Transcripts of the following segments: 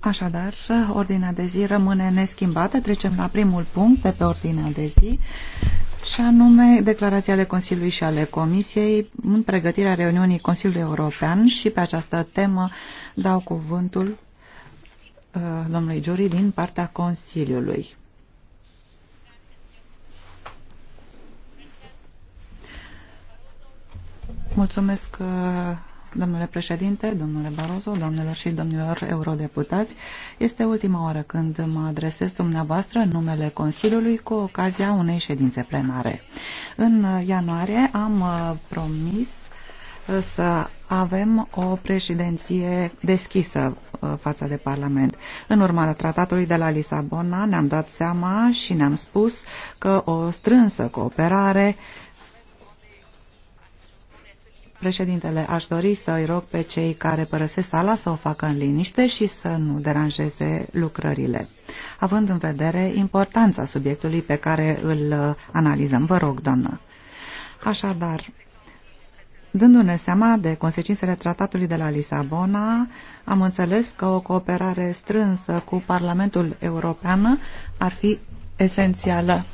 Așadar, ordinea de zi rămâne neschimbată. Trecem la primul punct de pe ordinea de zi și anume declarația ale Consiliului și ale Comisiei în pregătirea reuniunii Consiliului European și pe această temă dau cuvântul uh, domnului Giuri din partea Consiliului. Mulțumesc, uh, Domnule președinte, domnule Barroso, domnilor și domnilor eurodeputați, este ultima oară când mă adresez dumneavoastră în numele Consiliului cu ocazia unei ședințe plenare. În ianuarie am uh, promis uh, să avem o președinție deschisă uh, față de Parlament. În urma tratatului de la Lisabona ne-am dat seama și ne-am spus că o strânsă cooperare uh, Președintele, aș dori să-i rog pe cei care părăsesc sala să o facă în liniște și să nu deranjeze lucrările. Având în vedere importanța subiectului pe care îl uh, analizăm, vă rog, doamnă. Așadar, dându-ne seama de consecințele tratatului de la Lisabona, am înțeles că o cooperare strânsă cu Parlamentul European ar fi esențială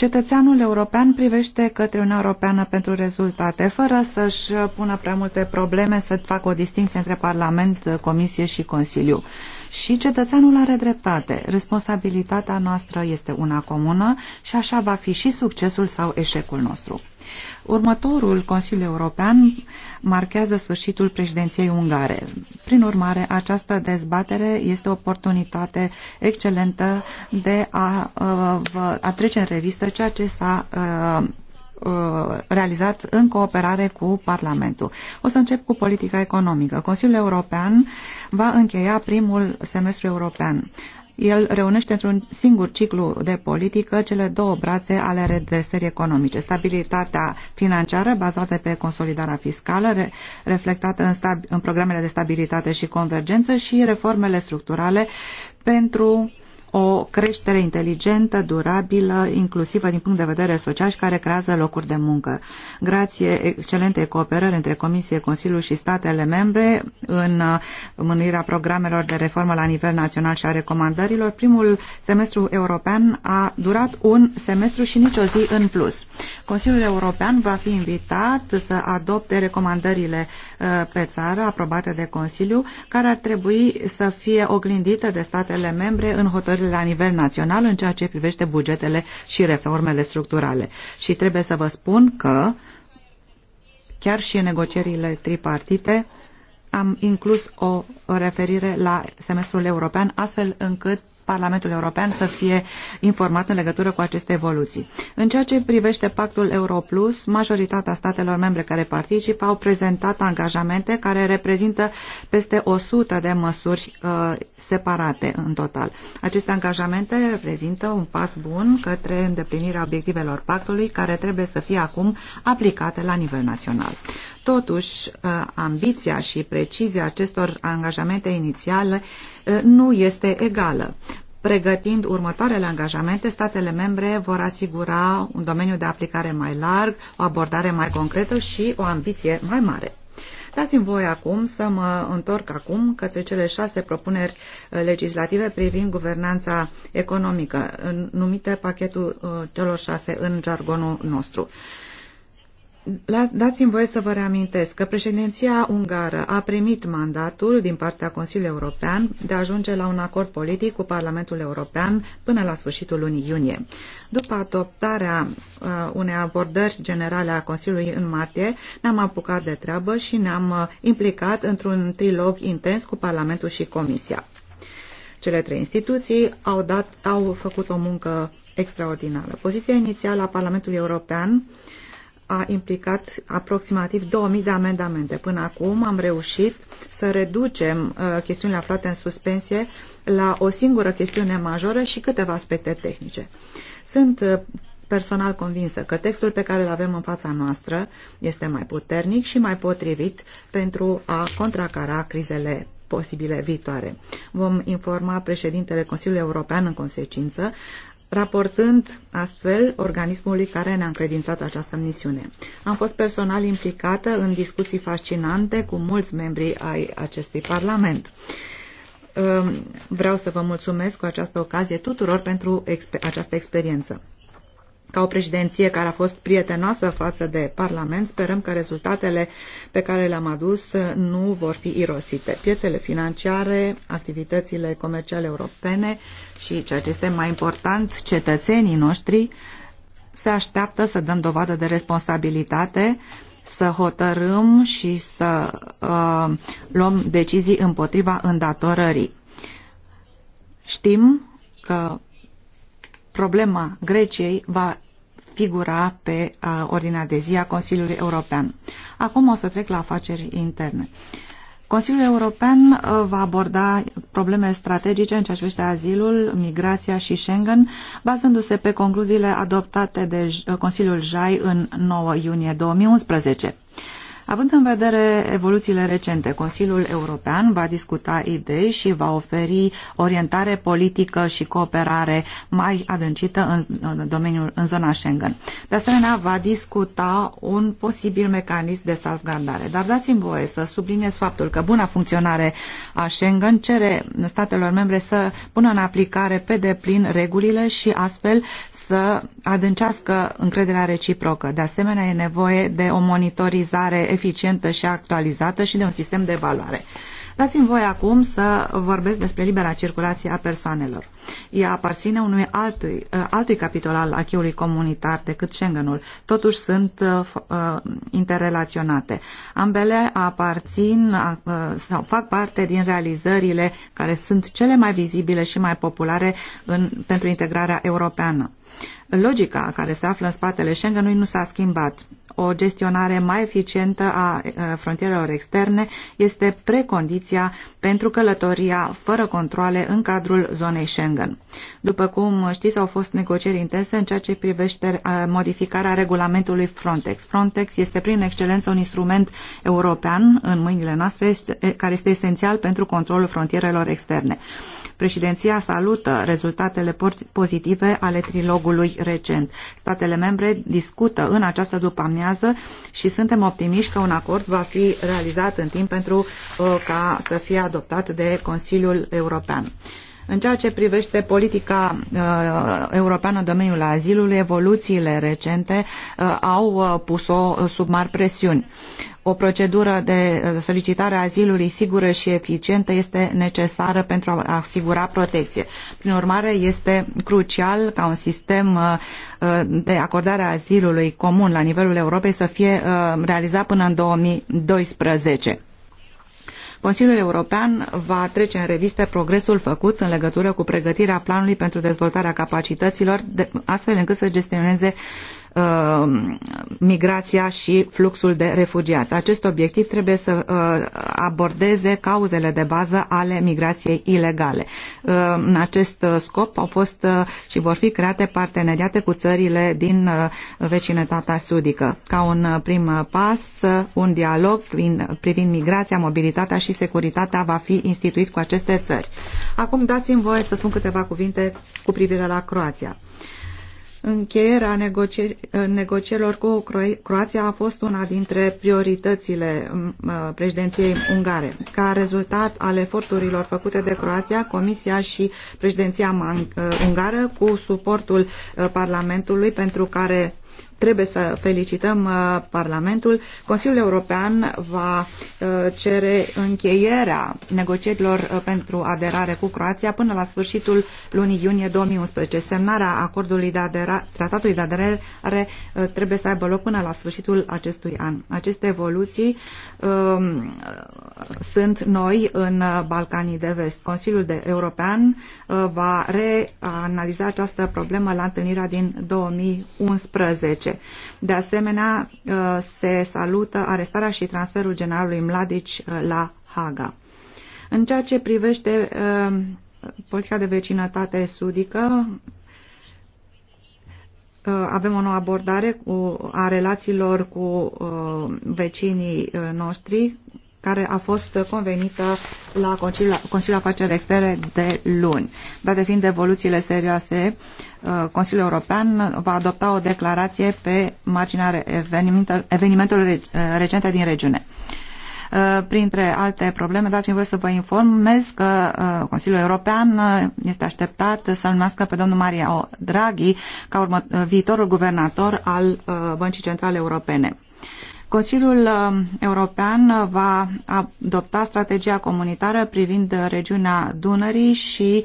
Cetățeanul european privește către Uniunea Europeană pentru rezultate, fără să-și pună prea multe probleme să facă o distinție între Parlament, Comisie și Consiliu și cetățeanul are dreptate. Responsabilitatea noastră este una comună și așa va fi și succesul sau eșecul nostru. Următorul Consiliu European marchează sfârșitul președinției ungare. Prin urmare, această dezbatere este o oportunitate excelentă de a, a, uh, a trece în revistă ceea ce s-a uh, Uh, realizat în cooperare cu Parlamentul. O să încep cu politica economică. Consiliul European va încheia primul semestru european. El reunește într-un singur ciclu de politică cele două brațe ale redresării economice. Stabilitatea financiară bazată pe consolidarea fiscală, re reflectată în, în programele de stabilitate și convergență și reformele structurale pentru o creștere inteligentă, durabilă, inclusivă din punct de vedere social și care creează locuri de muncă. Grație excelentei cooperări între Comisie, Consiliul și statele membre în uh, mânuirea programelor de reformă la nivel național și a recomandărilor, primul semestru european a durat un semestru și nici o zi în plus. Consiliul European va fi invitat să adopte recomandările uh, pe țară aprobate de Consiliu, care ar trebui să fie oglindite de statele membre în hotărâri negocierile la nivel național în ceea ce privește bugetele și reformele structurale. Și trebuie să vă spun că chiar și în negocierile tripartite, am inclus o referire la semestrul european, astfel încât Parlamentul European să fie informat în legătură cu aceste evoluții. În ceea ce privește pactul Europlus, majoritatea statelor membre care participă au prezentat angajamente care reprezintă peste 100 de măsuri uh, separate în total. Aceste angajamente reprezintă un pas bun către îndeplinirea obiectivelor pactului care trebuie să fie acum aplicate la nivel național. Totuși, uh, ambiția și precizia acestor angajamente inițiale uh, nu este egală. Pregătind următoarele angajamente, statele membre vor asigura un domeniu de aplicare mai larg, o abordare mai concretă și o ambiție mai mare. Dați-mi voi acum să mă întorc acum către cele șase propuneri uh, legislative privind guvernanța economică, numite pachetul celor șase în jargonul nostru. Dați-mi voie să vă reamintesc că președinția ungară a primit mandatul din partea Consiliului European de a ajunge la un acord politic cu Parlamentul European până la sfârșitul lunii iunie. După adoptarea uh, unei abordări generale a Consiliului în martie, ne-am apucat de treabă și ne-am uh, implicat într-un trilog intens cu Parlamentul și Comisia. Cele trei instituții au, dat, au făcut o muncă extraordinară. Poziția inițială a Parlamentului European uh, a implicat aproximativ 2000 de amendamente. Până acum am reușit să reducem uh, chestiunile aflate în suspensie la o singură chestiune majoră și câteva aspecte tehnice. Sunt uh, personal convinsă că textul pe care îl avem în fața noastră este mai puternic și mai potrivit pentru a contracara crizele posibile viitoare. Vom informa președintele Consiliului European în consecință raportând astfel organismului care ne-a încredințat această misiune. Am fost personal implicată în discuții fascinante cu mulți membri ai acestui Parlament. Ehm, vreau să vă mulțumesc cu această ocazie tuturor pentru exper această experiență ca o președinție care a fost prietenoasă față de Parlament, sperăm că rezultatele pe care le-am adus uh, nu vor fi irosite. Piețele financiare, activitățile comerciale europene și, ceea ce este mai important, cetățenii noștri se așteaptă să dăm dovadă de responsabilitate, să hotărâm și să uh, luăm decizii împotriva îndatorării. Știm că problema Greciei va figura pe uh, ordinea de zi a Consiliului European. Acum o să trec la afaceri interne. Consiliul European uh, va aborda probleme strategice în ceea ce privește azilul, migrația și Schengen, bazându-se pe concluziile adoptate de uh, Consiliul JAI în 9 iunie 2011. Având în vedere evoluțiile recente, Consiliul European va discuta idei și va oferi orientare politică și cooperare mai adâncită în, domeniul, în zona Schengen. De asemenea, va discuta un posibil mecanism de salvgardare. Dar dați-mi voie să subliniez faptul că buna funcționare a Schengen cere statelor membre să pună în aplicare pe deplin regulile și astfel să adâncească încrederea reciprocă. De asemenea, e nevoie de o monitorizare eficientă și actualizată și de un sistem de evaluare. Dați-mi voi acum să vorbesc despre libera circulație a persoanelor. Ea aparține unui altui, uh, altui capitol al acheului comunitar decât Schengenul. Totuși sunt uh, uh, interrelaționate. Ambele aparțin uh, sau fac parte din realizările care sunt cele mai vizibile și mai populare în, pentru integrarea europeană. Logica care se află în spatele Schengenului nu s-a schimbat o gestionare mai eficientă a frontierelor externe este precondiția pentru călătoria fără controle în cadrul zonei Schengen. După cum știți, au fost negocieri intense în ceea ce privește uh, modificarea regulamentului Frontex. Frontex este prin excelență un instrument european în mâinile noastre care este esențial pentru controlul frontierelor externe. Președinția salută rezultatele pozitive ale trilogului recent. Statele membre discută în această după-amiază și suntem optimiști că un acord va fi realizat în timp pentru uh, ca să fie adoptat de Consiliul European. În ceea ce privește politica uh, europeană în domeniul azilului, evoluțiile recente uh, au uh, pus-o uh, sub mari presiuni. O procedură de uh, solicitare a azilului sigură și eficientă este necesară pentru a asigura protecție. Prin urmare, este crucial ca un sistem uh, de acordare a azilului comun la nivelul Europei să fie realizat până în 2012 Consiliul European va trece în revistă progresul făcut în legătură cu pregătirea planului pentru dezvoltarea capacităților, astfel încât să gestioneze Um, migrația și fluxul de refugiați. Acest obiectiv trebuie să uh, abordeze cauzele de bază ale migrației ilegale. Um, în acest uh, scop au fost uh, și vor fi create parteneriate cu țările din vecinătatea sudică. Ca un prim pas, un dialog privind migrația, mobilitatea și securitatea va fi instituit cu aceste țări. Acum dați-mi voie să spun câteva cuvinte cu privire la Croația. Uh, Încheierea negocier negocierilor cu Croația a fost una dintre prioritățile mm, uh, președinției ungare. Ca rezultat al eforturilor făcute de Croația, Comisia și președinția uh, ungară, cu suportul uh, Parlamentului, pentru care trebuie să felicităm uh, Parlamentul. Consiliul European va uh, cere încheierea negocierilor uh, pentru aderare cu Croația până la sfârșitul lunii iunie 2011. Semnarea acordului de aderare, tratatului de aderare trebuie să aibă loc până la sfârșitul acestui an. Aceste evoluții um, sunt noi în Balcanii de Vest. Consiliul de European va reanaliza această problemă la întâlnirea din 2011 politice. De asemenea, uh, se salută arestarea și transferul generalului Mladic uh, la Haga. În ceea ce privește uh, politica de vecinătate sudică, avem o nouă abordare cu, a relațiilor cu vecinii noștri care a fost convenită la Consiliul Afaceri Externe de luni. Date fiind evoluțiile serioase, uh, Consiliul European va adopta o declarație pe marginea evenimentelor uh, recente din regiune. Uh, printre alte probleme, dați-mi voi să vă informez că Consiliul European este așteptat să-l numească pe domnul Mario Draghi ca viitorul guvernator al Băncii Centrale Europene. Consiliul um, European va adopta strategia comunitară privind uh, regiunea Dunării și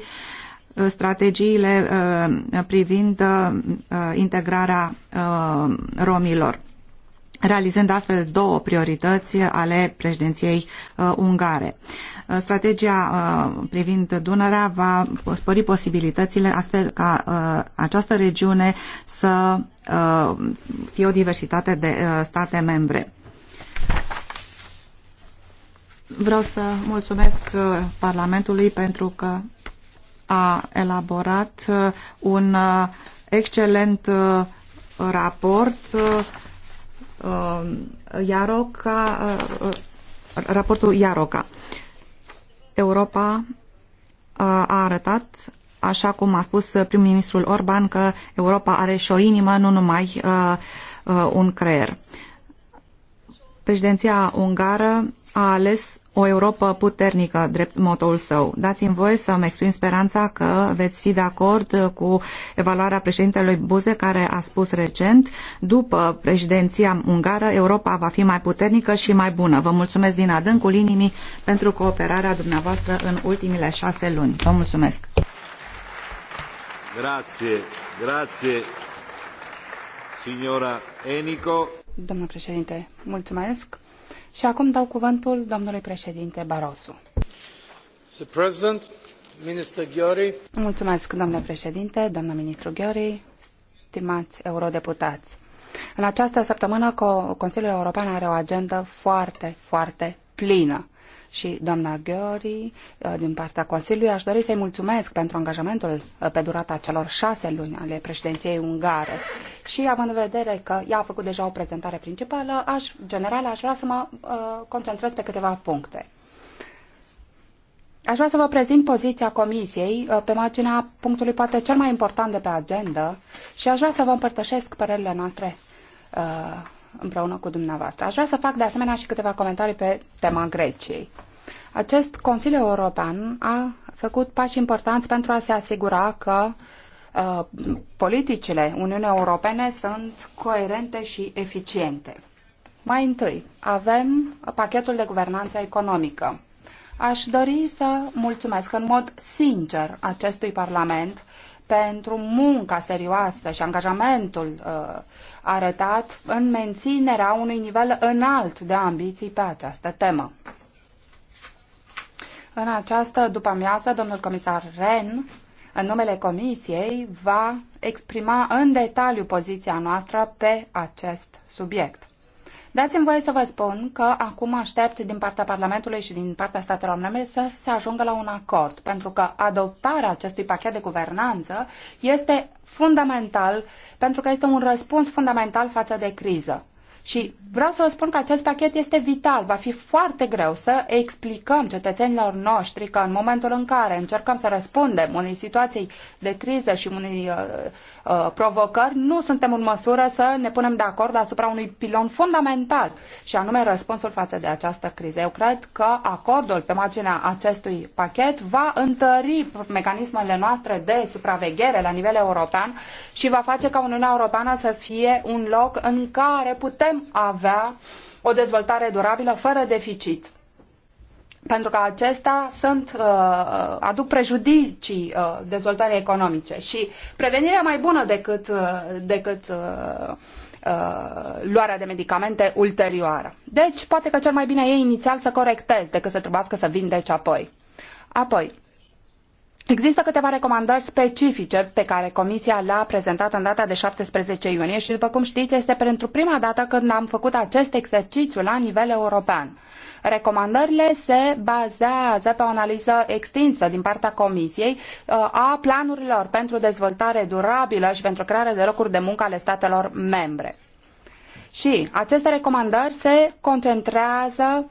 uh, strategiile uh, privind integrarea romilor realizând astfel două priorități ale președinției ungare. Uh, strategia uh, privind Dunărea va spări posibilitățile astfel ca uh, această regiune să fie o diversitate de state membre. Vreau să mulțumesc Parlamentului pentru că a elaborat un excelent raport Iaroca, raportul Iaroca. Europa uh, a arătat, așa cum a spus prim-ministrul Orban, că Europa are și o inimă, nu numai uh, uh, un creier. Președinția ungară a ales o Europa puternică, drept motoul său. Dați-mi voie să-mi exprim speranța că veți fi de acord cu evaluarea președintelui Buze, care a spus recent, după președinția ungară, Europa va fi mai puternică și mai bună. Vă mulțumesc din adâncul inimii pentru cooperarea dumneavoastră în ultimile șase luni. Vă mulțumesc! Grazie, grazie, signora Enico. Domnul președinte, mulțumesc. Și acum dau cuvântul domnului președinte Barroso. Mulțumesc, domnule președinte, doamnă ministru Ghiori, stimați eurodeputați. În această săptămână, Consiliul European are o agendă foarte, foarte plină și doamna Gheori uh, din partea Consiliului. Aș dori să-i mulțumesc pentru angajamentul uh, pe durata celor șase luni ale președinției ungare. Și având în vedere că ea a făcut deja o prezentare principală, aș, general aș vrea să mă uh, concentrez pe câteva puncte. Aș vrea să vă prezint poziția Comisiei uh, pe marginea punctului poate cel mai important de pe agenda și aș vrea să vă împărtășesc părerile noastre uh, împreună cu dumneavoastră. Aș vrea să fac de asemenea și câteva comentarii pe tema Greciei. Acest Consiliu European a făcut pași importanți pentru a se asigura că uh, politicile Uniunii Europene sunt coerente și eficiente. Mai întâi, avem pachetul de guvernanță economică. Aș dori să mulțumesc în mod sincer acestui Parlament pentru munca serioasă și angajamentul uh, arătat în menținerea unui nivel înalt de ambiții pe această temă. În această după-amiază, domnul comisar Ren, în numele Comisiei, va exprima în detaliu poziția noastră pe acest subiect. Dați-mi voie să vă spun că acum aștept din partea Parlamentului și din partea statelor membre să se ajungă la un acord, pentru că adoptarea acestui pachet de guvernanță este fundamental, pentru că este un răspuns fundamental față de criză. Și vreau să vă spun că acest pachet este vital. Va fi foarte greu să explicăm cetățenilor noștri că în momentul în care încercăm să răspundem unei situații de criză și unei uh, Uh, provocări, nu suntem în măsură să ne punem de acord asupra unui pilon fundamental, și anume răspunsul față de această criză. Eu cred că acordul pe marginea acestui pachet va întări mecanismele noastre de supraveghere la nivel european și va face ca Uniunea Europeană să fie un loc în care putem avea o dezvoltare durabilă fără deficit pentru că acestea sunt, uh, uh, aduc prejudicii uh, dezvoltării economice și prevenirea mai bună decât, uh, decât uh, uh, luarea de medicamente ulterioară. Deci, poate că cel mai bine e inițial să corectezi decât să trebuiască să vindeci apoi. Apoi, Există câteva recomandări specifice pe care Comisia le-a prezentat în data de 17 iunie și, după cum știți, este pentru prima dată când am făcut acest exercițiu la nivel european. Recomandările se bazează pe o analiză extinsă din partea Comisiei uh, a planurilor pentru dezvoltare durabilă și pentru crearea de locuri de muncă ale statelor membre. Și aceste recomandări se concentrează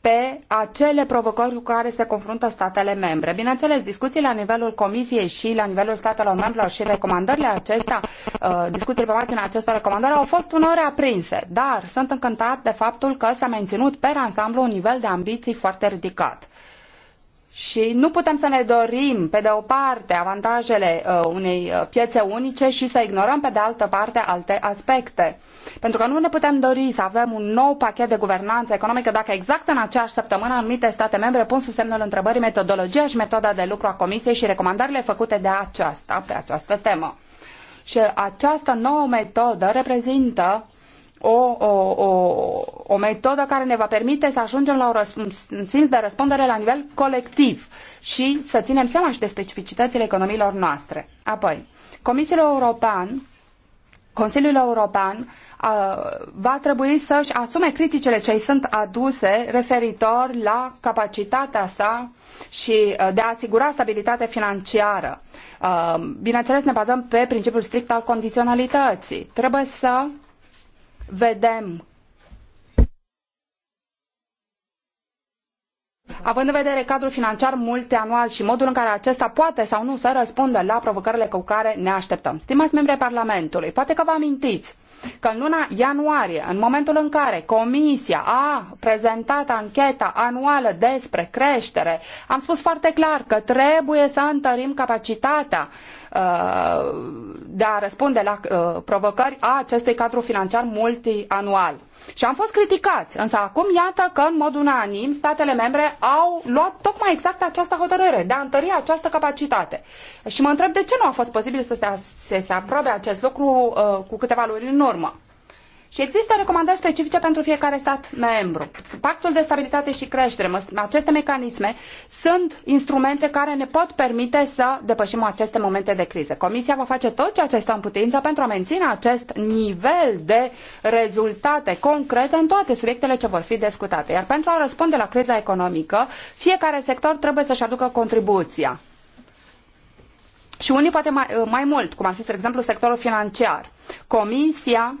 pe acele provocări cu care se confruntă statele membre. Bineînțeles, discuții la nivelul Comisiei și la nivelul statelor membre și recomandările acestea, uh, discuțiile pe marginea acestor recomandări au fost uneori aprinse, dar sunt încântat de faptul că s-a menținut pe ansamblu un nivel de ambiții foarte ridicat. Și nu putem să ne dorim, pe de o parte, avantajele uh, unei uh, piețe unice și să ignorăm, pe de altă parte, alte aspecte. Pentru că nu ne putem dori să avem un nou pachet de guvernanță economică dacă exact în aceeași săptămână anumite state membre pun sub semnul întrebării metodologia și metoda de lucru a Comisiei și recomandările făcute de aceasta pe această temă. Și această nouă metodă reprezintă o, o, o, o metodă care ne va permite să ajungem la un, un simț de răspundere la nivel colectiv și să ținem seama și de specificitățile economiilor noastre. Apoi, Comisiul European Consiliul European a, va trebui să-și asume criticile ce sunt aduse referitor la capacitatea sa și de a asigura stabilitate financiară. A, bineînțeles, ne bazăm pe principiul strict al condiționalității. Trebuie să vedem având în vedere cadrul financiar multianual și modul în care acesta poate sau nu să răspundă la provocările cu care ne așteptăm. Stimați membri ai Parlamentului, poate că vă amintiți că în luna ianuarie, în momentul în care Comisia a prezentat ancheta anuală despre creștere, am spus foarte clar că trebuie să întărim capacitatea uh, de a răspunde la uh, provocări a acestui cadru financiar multianual. Și am fost criticați, însă acum iată că în mod unanim statele membre au luat tocmai exact această hotărâre de a întări această capacitate. Și mă întreb de ce nu a fost posibil să se, se aprobe acest lucru uh, cu câteva luni în urmă. Și există recomandări specifice pentru fiecare stat membru. Pactul de stabilitate și creștere, aceste mecanisme sunt instrumente care ne pot permite să depășim aceste momente de criză. Comisia va face tot ceea ce stă în putință pentru a menține acest nivel de rezultate concrete în toate subiectele ce vor fi discutate. Iar pentru a răspunde la criza economică, fiecare sector trebuie să-și aducă contribuția. Și unii poate mai, mai mult, cum ar fi, spre exemplu, sectorul financiar. Comisia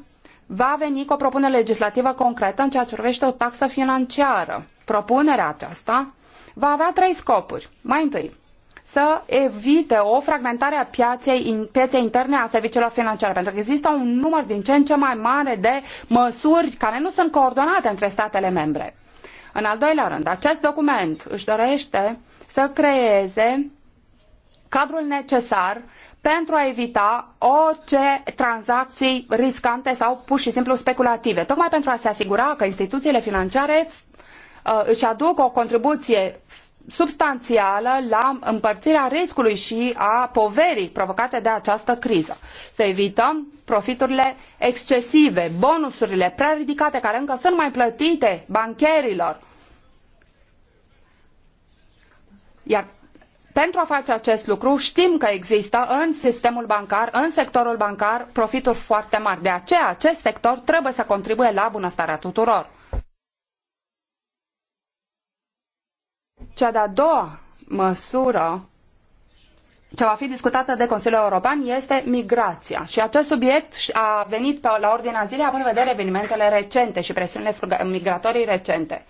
va veni cu o propunere legislativă concretă în ceea ce privește o taxă financiară. Propunerea aceasta va avea trei scopuri. Mai întâi, să evite o fragmentare a piaței, pieței interne a serviciilor financiare, pentru că există un număr din ce în ce mai mare de măsuri care nu sunt coordonate între statele membre. În al doilea rând, acest document își dorește să creeze cadrul necesar pentru a evita orice tranzacții riscante sau pur și simplu speculative, tocmai pentru a se asigura că instituțiile financiare uh, își aduc o contribuție substanțială la împărțirea riscului și a poverii provocate de această criză. Să evităm profiturile excesive, bonusurile prea ridicate care încă sunt mai plătite bancherilor. Iar pentru a face acest lucru, știm că există în sistemul bancar, în sectorul bancar, profituri foarte mari. De aceea, acest sector trebuie să contribuie la bunăstarea tuturor. Cea de-a doua măsură ce va fi discutată de Consiliul European este migrația. Și acest subiect a venit pe, la ordinea zilei având în vedere evenimentele recente și presiunile migratorii recente.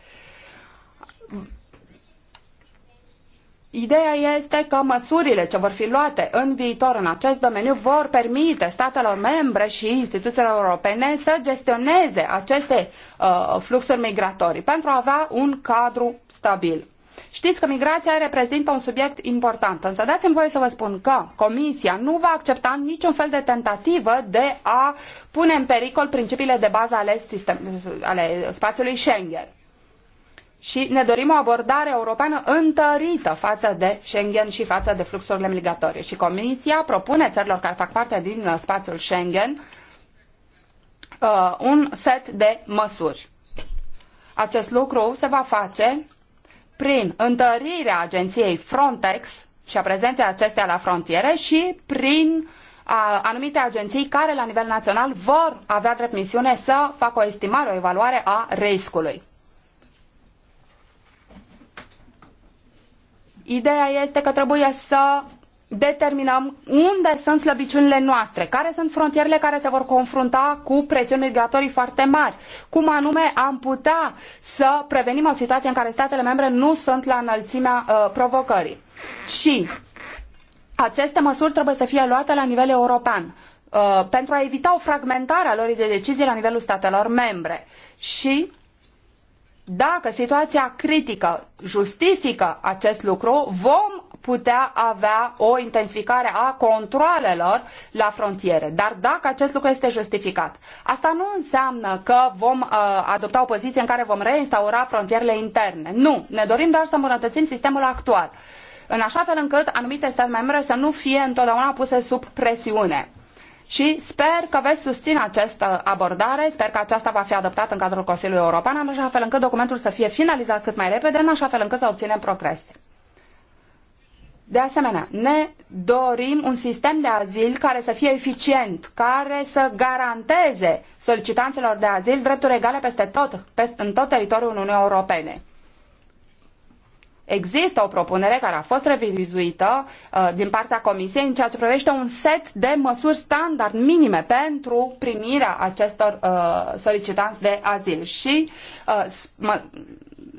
Ideea este că măsurile ce vor fi luate în viitor în acest domeniu vor permite statelor membre și instituțiilor europene să gestioneze aceste uh, fluxuri migratorii pentru a avea un cadru stabil. Știți că migrația reprezintă un subiect important, însă dați-mi voie să vă spun că Comisia nu va accepta niciun fel de tentativă de a pune în pericol principiile de bază ale, sistem, ale spațiului Schengen și ne dorim o abordare europeană întărită față de Schengen și față de fluxurile migratorii. Și Comisia propune țărilor care fac parte din uh, spațiul Schengen uh, un set de măsuri. Acest lucru se va face prin întărirea agenției Frontex și a prezenței acesteia la frontiere și prin a, uh, anumite agenții care la nivel național vor avea drept misiune să facă o estimare, o evaluare a riscului. Ideea este că trebuie să determinăm unde sunt slăbiciunile noastre, care sunt frontierele care se vor confrunta cu presiuni migratorii foarte mari, cum anume am putea să prevenim o situație în care statele membre nu sunt la înălțimea uh, provocării. Și aceste măsuri trebuie să fie luate la nivel european uh, pentru a evita o fragmentare a lor de decizii la nivelul statelor membre. Și dacă situația critică justifică acest lucru, vom putea avea o intensificare a controalelor la frontiere. Dar dacă acest lucru este justificat, asta nu înseamnă că vom uh, adopta o poziție în care vom reinstaura frontierele interne. Nu, ne dorim doar să îmbunătățim sistemul actual, în așa fel încât anumite state membre să nu fie întotdeauna puse sub presiune și sper că veți susține această abordare, sper că aceasta va fi adoptată în cadrul Consiliului European, în așa fel încât documentul să fie finalizat cât mai repede, în așa fel încât să obținem progrese. De asemenea, ne dorim un sistem de azil care să fie eficient, care să garanteze solicitanților de azil drepturi egale peste tot, peste, în tot teritoriul Uniunii Europene. Există o propunere care a fost revizuită uh, din partea Comisiei în ceea ce privește un set de măsuri standard minime pentru primirea acestor uh, solicitanți de azil și uh, mă,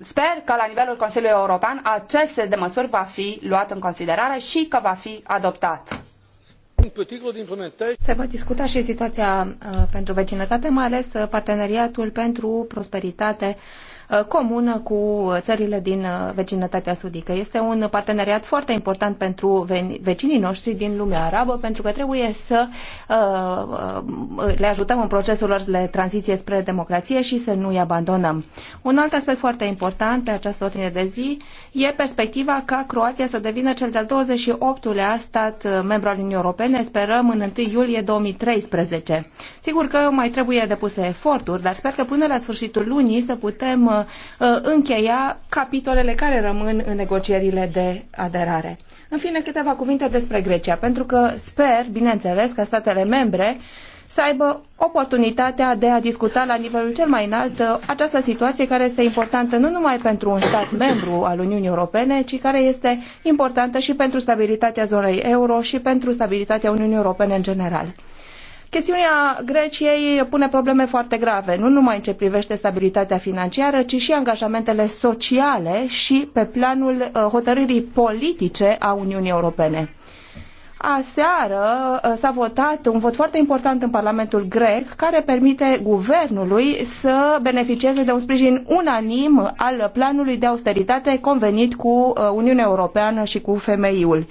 sper că la nivelul Consiliului European acest set de măsuri va fi luat în considerare și că va fi adoptat. Se va discuta și situația uh, pentru vecinătate, mai ales uh, parteneriatul pentru prosperitate uh, Uh, comună cu țările din uh, vecinătatea sudică. Este un parteneriat foarte important pentru vecinii noștri din lumea arabă, pentru că trebuie să uh, le ajutăm în procesul lor de tranziție spre democrație și să nu-i abandonăm. Un alt aspect foarte important pe această ordine de zi e perspectiva ca Croația să devină cel de-al 28-lea stat membru al Uniunii Europene, sperăm în 1 iulie 2013. Sigur că mai trebuie depuse eforturi, dar sper că până la sfârșitul lunii să putem Uh, încheia capitolele care rămân în negocierile de aderare. În fine, câteva cuvinte despre Grecia, pentru că sper, bineînțeles, că statele membre să aibă oportunitatea de a discuta la nivelul cel mai înalt uh, această situație care este importantă nu numai pentru un stat membru al Uniunii Europene, ci care este importantă și pentru stabilitatea zonei euro și pentru stabilitatea Uniunii Europene în general. Chestiunea Greciei pune probleme foarte grave, nu numai în ce privește stabilitatea financiară, ci și angajamentele sociale și pe planul uh, hotărârii politice a Uniunii Europene. Aseară uh, s-a votat un vot foarte important în Parlamentul grec care permite guvernului să beneficieze de un sprijin unanim al planului de austeritate convenit cu uh, Uniunea Europeană și cu FMI-ul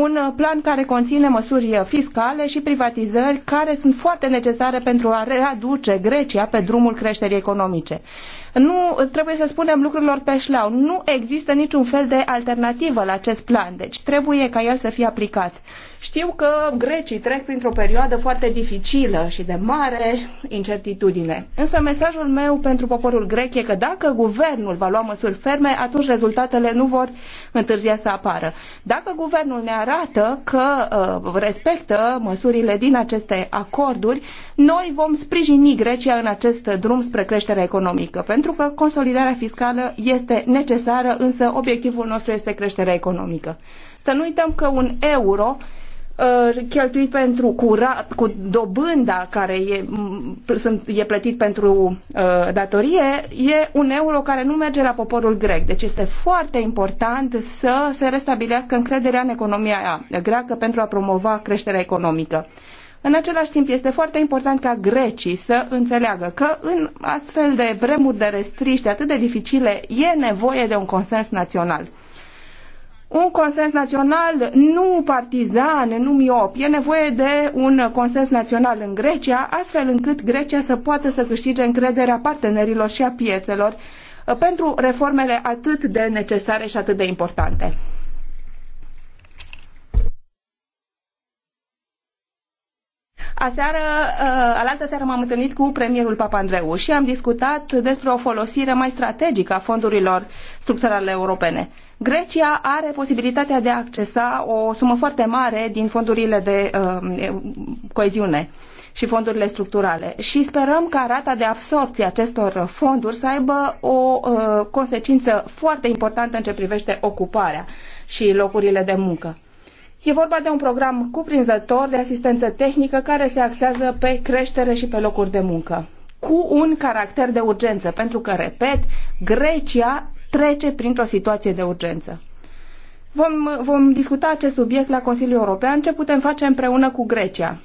un uh, plan care conține măsuri uh, fiscale și privatizări care sunt foarte necesare pentru a readuce Grecia pe drumul creșterii economice. Nu trebuie să spunem lucrurilor pe șleau. Nu există niciun fel de alternativă la acest plan, deci trebuie ca el să fie aplicat. Știu că grecii trec printr-o perioadă foarte dificilă și de mare incertitudine. Însă mesajul meu pentru poporul grec e că dacă guvernul va lua măsuri ferme, atunci rezultatele nu vor întârzia să apară. Dacă guvernul ne arată arată că uh, respectă măsurile din aceste acorduri, noi vom sprijini Grecia în acest drum spre creșterea economică, pentru că consolidarea fiscală este necesară, însă obiectivul nostru este creșterea economică. Să nu uităm că un euro Uh, cheltuit pentru curat, cu dobânda care e, sunt, e plătit pentru uh, datorie, e un euro care nu merge la poporul grec. Deci este foarte important să se restabilească încrederea în economia greacă pentru a promova creșterea economică. În același timp, este foarte important ca grecii să înțeleagă că în astfel de vremuri de restriște atât de dificile e nevoie de un consens național un consens național nu partizan, nu miop. E nevoie de un consens național în Grecia, astfel încât Grecia să poată să câștige încrederea partenerilor și a piețelor uh, pentru reformele atât de necesare și atât de importante. Aseară, uh, alaltă seară m-am întâlnit cu premierul Papandreou și am discutat despre o folosire mai strategică a fondurilor structurale europene Grecia are posibilitatea de a accesa o sumă foarte mare din fondurile de um, coeziune și fondurile structurale și sperăm ca rata de absorpție acestor fonduri să aibă o uh, consecință foarte importantă în ce privește ocuparea și locurile de muncă. E vorba de un program cuprinzător de asistență tehnică care se axează pe creștere și pe locuri de muncă cu un caracter de urgență, pentru că, repet, Grecia trece printr-o situație de urgență. Vom, vom discuta acest subiect la Consiliul European, ce putem face împreună cu Grecia.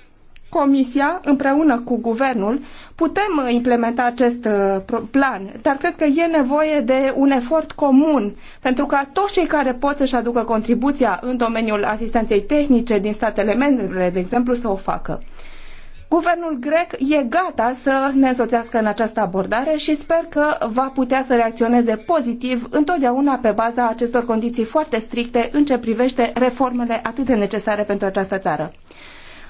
Comisia, împreună cu guvernul, putem implementa acest uh, plan, dar cred că e nevoie de un efort comun, pentru ca toți cei care pot să-și aducă contribuția în domeniul asistenței tehnice din statele membre, de exemplu, să o facă. Guvernul grec e gata să ne însoțească în această abordare și sper că va putea să reacționeze pozitiv întotdeauna pe baza acestor condiții foarte stricte în ce privește reformele atât de necesare pentru această țară.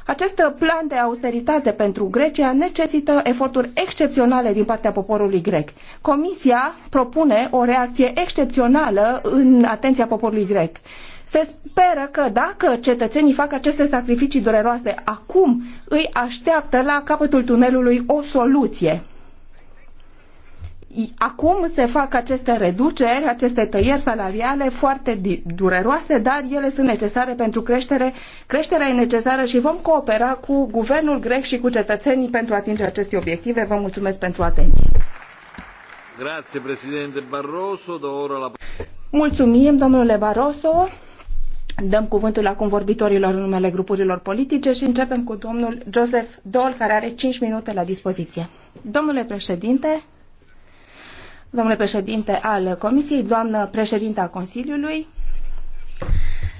Acest plan de austeritate pentru Grecia necesită eforturi excepționale din partea poporului grec. Comisia propune o reacție excepțională în atenția poporului grec. Se speră că dacă cetățenii fac aceste sacrificii dureroase acum, îi așteaptă la capătul tunelului o soluție Acum se fac aceste reduceri, aceste tăieri salariale foarte dureroase, dar ele sunt necesare pentru creștere. Creșterea e necesară și vom coopera cu guvernul grec și cu cetățenii pentru a atinge aceste obiective. Vă mulțumesc pentru atenție. Grazie, Barroso, la... Mulțumim, domnule Barroso. Dăm cuvântul acum vorbitorilor în numele grupurilor politice și începem cu domnul Joseph Dol, care are 5 minute la dispoziție. Domnule președinte, domnule președinte al Comisiei, doamnă președinte a Consiliului,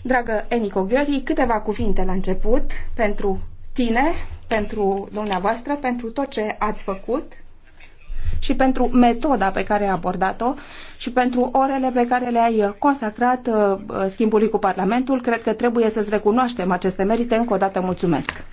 dragă Enico Gheori, câteva cuvinte la început pentru tine, pentru dumneavoastră, pentru tot ce ați făcut și pentru metoda pe care ai abordat-o și pentru orele pe care le-ai consacrat uh, schimbului cu Parlamentul. Cred că trebuie să-ți recunoaștem aceste merite. Încă o dată mulțumesc!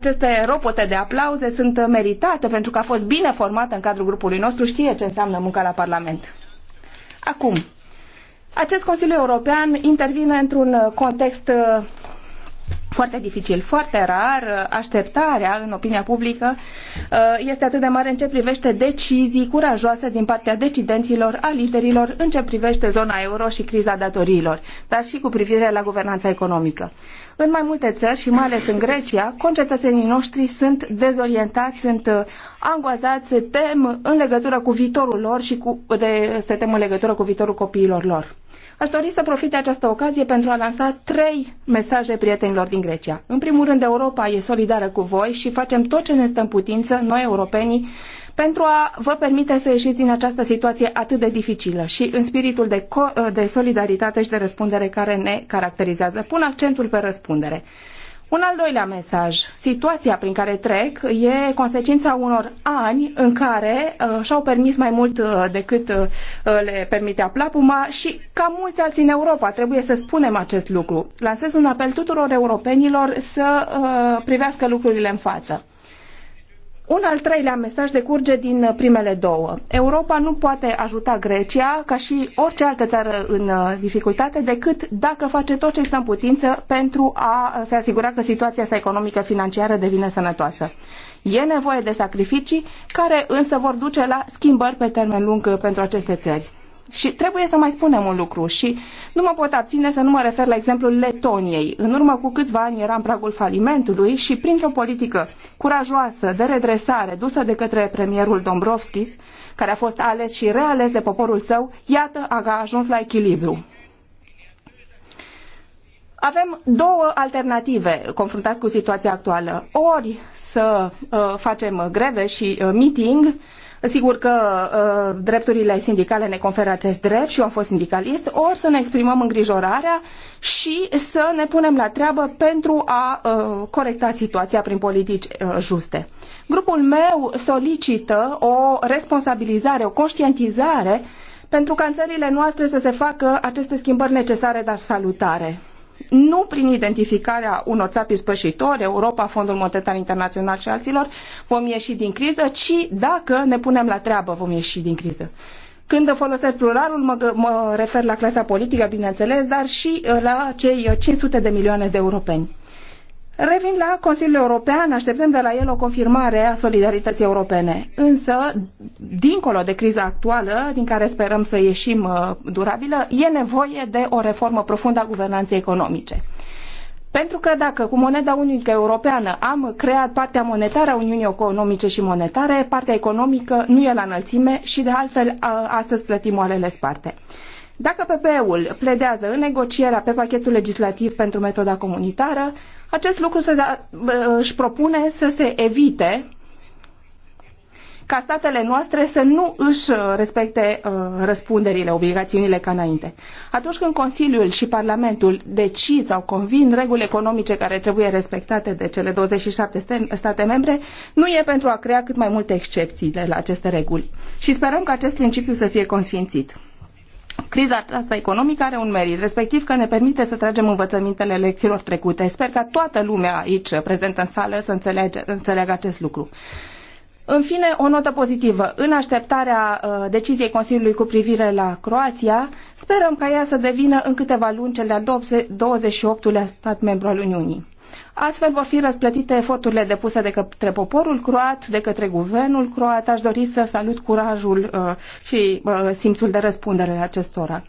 Aceste ropote de aplauze sunt meritate pentru că a fost bine formată în cadrul grupului nostru, știe ce înseamnă munca la Parlament. Acum, acest Consiliu European intervine într-un context foarte dificil, foarte rar, așteptarea în opinia publică uh, este atât de mare în ce privește decizii curajoase din partea decidenților, a liderilor, în ce privește zona euro și criza datoriilor, dar și cu privire la guvernanța economică. În mai multe țări și mai ales în Grecia, concetățenii noștri sunt dezorientați, sunt uh, angoazați, se tem în legătură cu viitorul lor și cu, de, se tem în legătură cu viitorul copiilor lor. Aș dori să profit de această ocazie pentru a lansa trei mesaje prietenilor din Grecia. În primul rând, Europa e solidară cu voi și facem tot ce ne stă în putință, noi europenii, pentru a vă permite să ieșiți din această situație atât de dificilă și în spiritul de, de solidaritate și de răspundere care ne caracterizează. Pun accentul pe răspundere. Un al doilea mesaj. Situația prin care trec e consecința unor ani în care uh, și-au permis mai mult uh, decât uh, le permitea plapuma și ca mulți alții în Europa. Trebuie să spunem acest lucru. Lansez un apel tuturor europenilor să uh, privească lucrurile în față. Un al treilea mesaj decurge din uh, primele două. Europa nu poate ajuta Grecia, ca și orice altă țară în uh, dificultate, decât dacă face tot ce stă în putință pentru a uh, se asigura că situația sa economică financiară devine sănătoasă. E nevoie de sacrificii care însă vor duce la schimbări pe termen lung pentru aceste țări. Și trebuie să mai spunem un lucru și nu mă pot abține să nu mă refer la exemplul Letoniei. În urmă cu câțiva ani era în pragul falimentului și printr-o politică curajoasă de redresare dusă de către premierul Dombrovskis, care a fost ales și reales de poporul său, iată a ajuns la echilibru avem două alternative confruntați cu situația actuală. Ori să uh, facem greve și uh, meeting, sigur că uh, drepturile sindicale ne conferă acest drept și eu am fost sindicalist, ori să ne exprimăm îngrijorarea și să ne punem la treabă pentru a uh, corecta situația prin politici uh, juste. Grupul meu solicită o responsabilizare, o conștientizare pentru ca în țările noastre să se facă aceste schimbări necesare, dar salutare nu prin identificarea unor țapi spășitori, Europa, Fondul Monetar Internațional și alților, vom ieși din criză, ci dacă ne punem la treabă vom ieși din criză. Când folosesc pluralul, mă, mă refer la clasa politică, bineînțeles, dar și uh, la cei 500 uh, de milioane de europeni. Revin la Consiliul European, așteptăm de la el o confirmare a solidarității europene. Însă, dincolo de criza actuală, din care sperăm să ieșim uh, durabilă, e nevoie de o reformă profundă a guvernanței economice. Pentru că dacă cu moneda unică europeană am creat partea monetară a Uniunii Economice și Monetare, partea economică nu e la înălțime și de altfel astăzi plătim oalele sparte. Dacă PPE-ul pledează în negocierea pe pachetul legislativ pentru metoda comunitară, acest lucru se da, își propune să se evite ca statele noastre să nu își respecte uh, răspunderile, obligațiunile ca înainte. Atunci când Consiliul și Parlamentul decid sau convin reguli economice care trebuie respectate de cele 27 state membre, nu e pentru a crea cât mai multe excepții de la aceste reguli. Și sperăm că acest principiu să fie consfințit. Criza aceasta economică are un merit, respectiv că ne permite să tragem învățămintele lecțiilor trecute. Sper ca toată lumea aici prezentă în sală să înțelege, înțeleagă acest lucru. În fine, o notă pozitivă. În așteptarea uh, deciziei Consiliului cu privire la Croația, sperăm ca ea să devină în câteva luni cel de-al 28-lea stat membru al Uniunii. Astfel vor fi răsplătite eforturile depuse de către poporul croat, de către guvernul croat. Aș dori să salut curajul uh, și uh, simțul de răspundere acestora.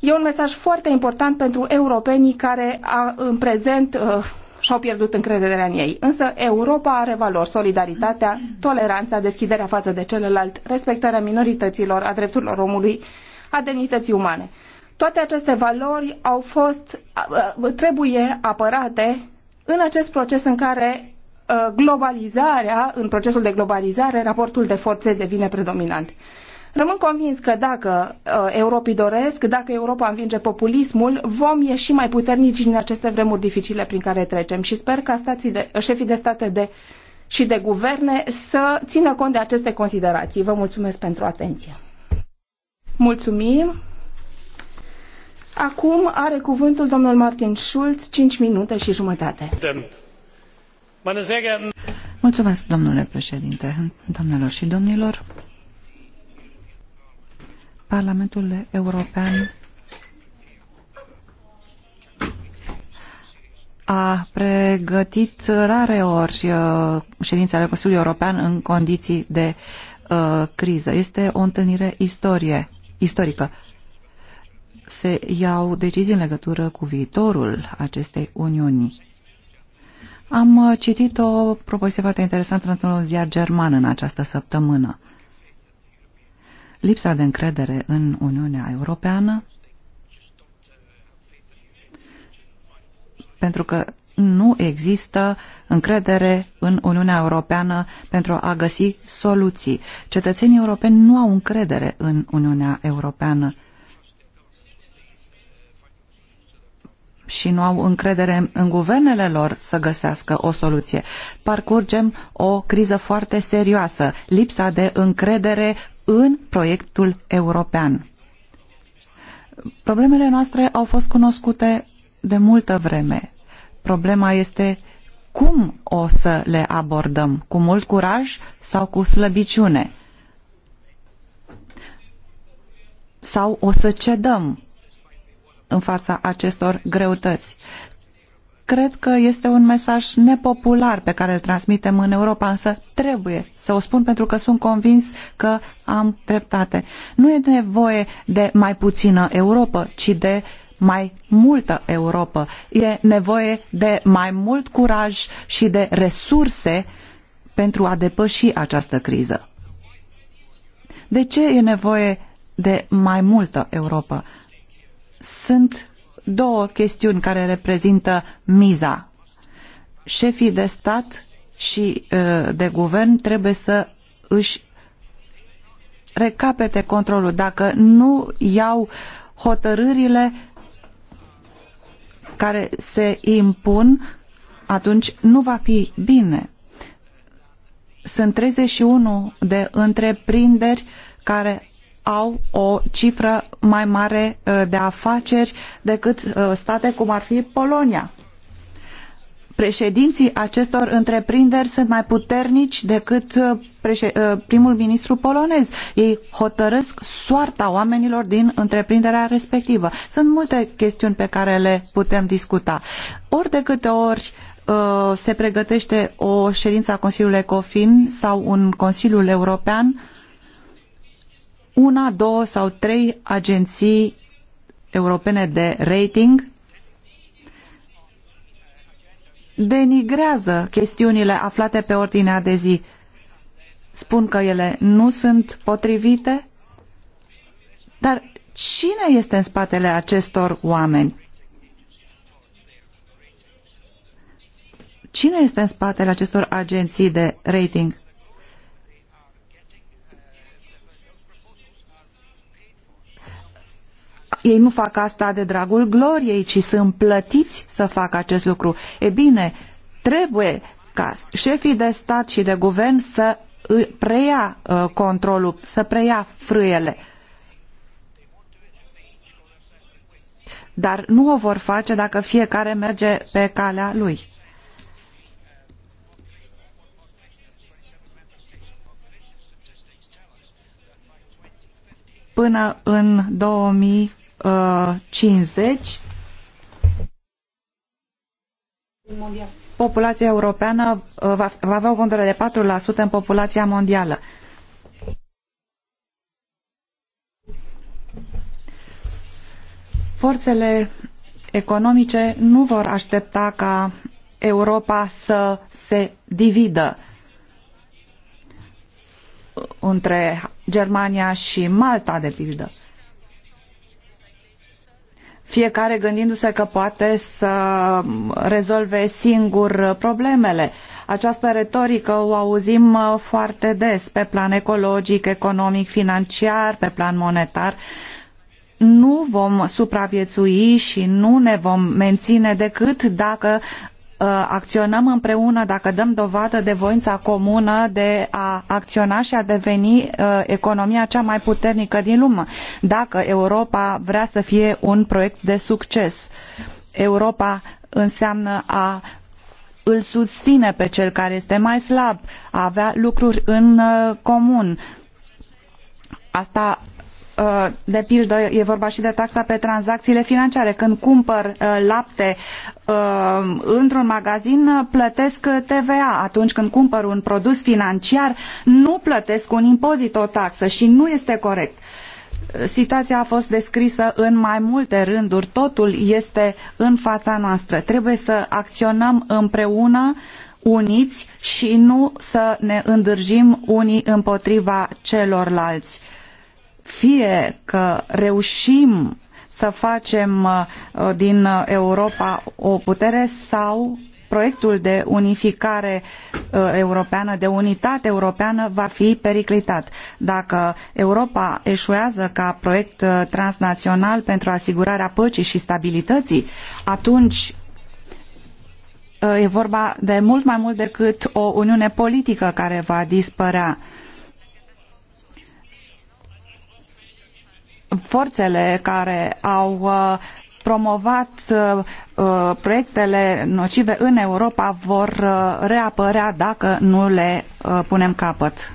E un mesaj foarte important pentru europenii care a, în prezent uh, și-au pierdut încrederea în ei. Însă Europa are valori, solidaritatea, toleranța, deschiderea față de celălalt, respectarea minorităților, a drepturilor omului, a demnității umane. Toate aceste valori au fost, trebuie apărate în acest proces în care uh, globalizarea, în procesul de globalizare, raportul de forțe devine predominant. Rămân convins că dacă uh, europii doresc, dacă Europa învinge populismul, vom ieși mai puternici din aceste vremuri dificile prin care trecem și sper ca stații de, șefii de state de, și de guverne să țină cont de aceste considerații. Vă mulțumesc pentru atenție. Mulțumim. Acum are cuvântul domnul Martin Schulz, 5 minute și jumătate. Mulțumesc, domnule președinte, doamnelor și domnilor. Parlamentul European a pregătit rare ori uh, ședințele Consiliului European în condiții de uh, criză. Este o întâlnire istorie, istorică se iau decizii în legătură cu viitorul acestei uniuni. Am uh, citit o propoziție foarte interesantă într-un ziar german în această săptămână. Lipsa de încredere în Uniunea Europeană pentru că nu există încredere în Uniunea Europeană pentru a găsi soluții. Cetățenii europeni nu au încredere în Uniunea Europeană și nu au încredere în guvernele lor să găsească o soluție. Parcurgem o criză foarte serioasă, lipsa de încredere în proiectul european. Problemele noastre au fost cunoscute de multă vreme. Problema este cum o să le abordăm, cu mult curaj sau cu slăbiciune? Sau o să cedăm în fața acestor greutăți. Cred că este un mesaj nepopular pe care îl transmitem în Europa, însă trebuie să o spun pentru că sunt convins că am dreptate. Nu e nevoie de mai puțină Europa, ci de mai multă Europa. E nevoie de mai mult curaj și de resurse pentru a depăși această criză. De ce e nevoie de mai multă Europa? Sunt două chestiuni care reprezintă miza. Șefii de stat și uh, de guvern trebuie să își recapete controlul. Dacă nu iau hotărârile care se impun, atunci nu va fi bine. Sunt 31 de întreprinderi care au o cifră mai mare uh, de afaceri decât uh, state cum ar fi Polonia. Președinții acestor întreprinderi sunt mai puternici decât uh, primul ministru polonez. Ei hotărăsc soarta oamenilor din întreprinderea respectivă. Sunt multe chestiuni pe care le putem discuta. Ori de câte ori se pregătește o ședință a Consiliului Ecofin sau un Consiliul European, una, două sau trei agenții europene de rating denigrează chestiunile aflate pe ordinea de zi. Spun că ele nu sunt potrivite, dar cine este în spatele acestor oameni? Cine este în spatele acestor agenții de rating? ei nu fac asta de dragul gloriei, ci sunt plătiți să facă acest lucru. E bine, trebuie ca șefii de stat și de guvern să preia uh, controlul, să preia frâiele. Dar nu o vor face dacă fiecare merge pe calea lui. Până în 2000 50 populația europeană uh, va, avea o pondere de 4% în populația mondială. Forțele economice nu vor aștepta ca Europa să se dividă între Germania și Malta, de pildă fiecare gândindu-se că poate să rezolve singur problemele. Această retorică o auzim uh, foarte des pe plan ecologic, economic, financiar, pe plan monetar. Nu vom supraviețui și nu ne vom menține decât dacă Uh, acționăm împreună, dacă dăm dovadă de voința comună de a acționa și a deveni uh, economia cea mai puternică din lume, dacă Europa vrea să fie un proiect de succes. Europa înseamnă a îl susține pe cel care este mai slab, a avea lucruri în uh, comun. Asta Uh, de pildă, e vorba și de taxa pe tranzacțiile financiare. Când cumpăr uh, lapte uh, într-un magazin, plătesc TVA. Atunci când cumpăr un produs financiar, nu plătesc un impozit, o taxă și nu este corect. Situația a fost descrisă în mai multe rânduri, totul este în fața noastră. Trebuie să acționăm împreună, uniți și nu să ne îndârjim unii împotriva celorlalți fie că reușim să facem uh, din Europa o putere sau proiectul de unificare uh, europeană, de unitate europeană va fi periclitat. Dacă Europa eșuează ca proiect uh, transnațional pentru asigurarea păcii și stabilității, atunci e vorba de mult mai mult decât o uniune politică care va dispărea forțele care au uh, promovat uh, uh, proiectele nocive în Europa vor reapărea dacă nu le punem capăt.